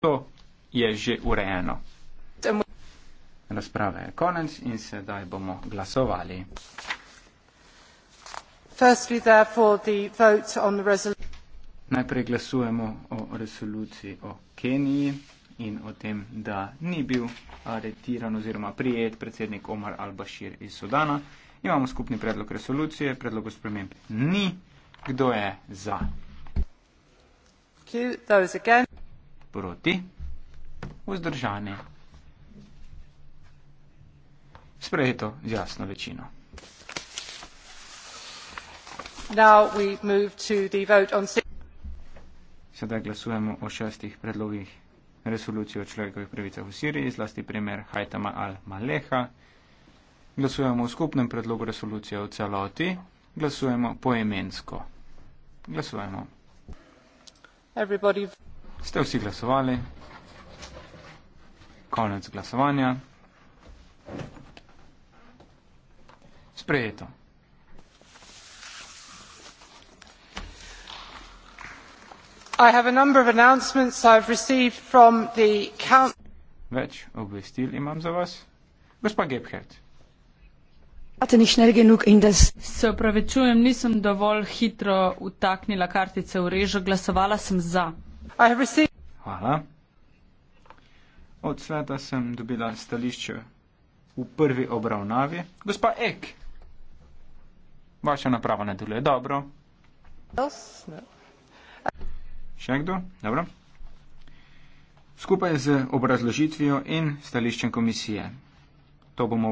To je že urejeno. Razprava je konec in sedaj bomo glasovali. Firstly, the vote on the Najprej glasujemo o resoluciji o Keniji in o tem, da ni bil aretiran oziroma prijet predsednik Omar al-Bashir iz Sudana. Imamo skupni predlog resolucije, predlog o sprememb ni. Kdo je za? Thank you. Those again proti, vzdržani. Sprejeto z jasno večino. Sedaj glasujemo o šestih predlogih resolucije o človekovih pravicah v Siriji, zlasti primer Hajtama al-Maleha. Glasujemo o skupnem predlogu resolucije v celoti. Glasujemo poemensko. Glasujemo. Everybody. Ste vsi glasovali? Konec glasovanja. Sprejeto. I have a number of announcements I've received from the council. Več obvestil imam za vas. Gospa Gebhardt. Se opravičujem, nisem dovolj hitro utaknila kartice v režo, glasovala sem za. Hvala. Od sveta sem dobila stališče v prvi obravnavi. Gospa Ek, vaša naprava ne deluje dobro. Še kdo? Dobro. Skupaj z obrazložitvijo in stališčem komisije. To bomo.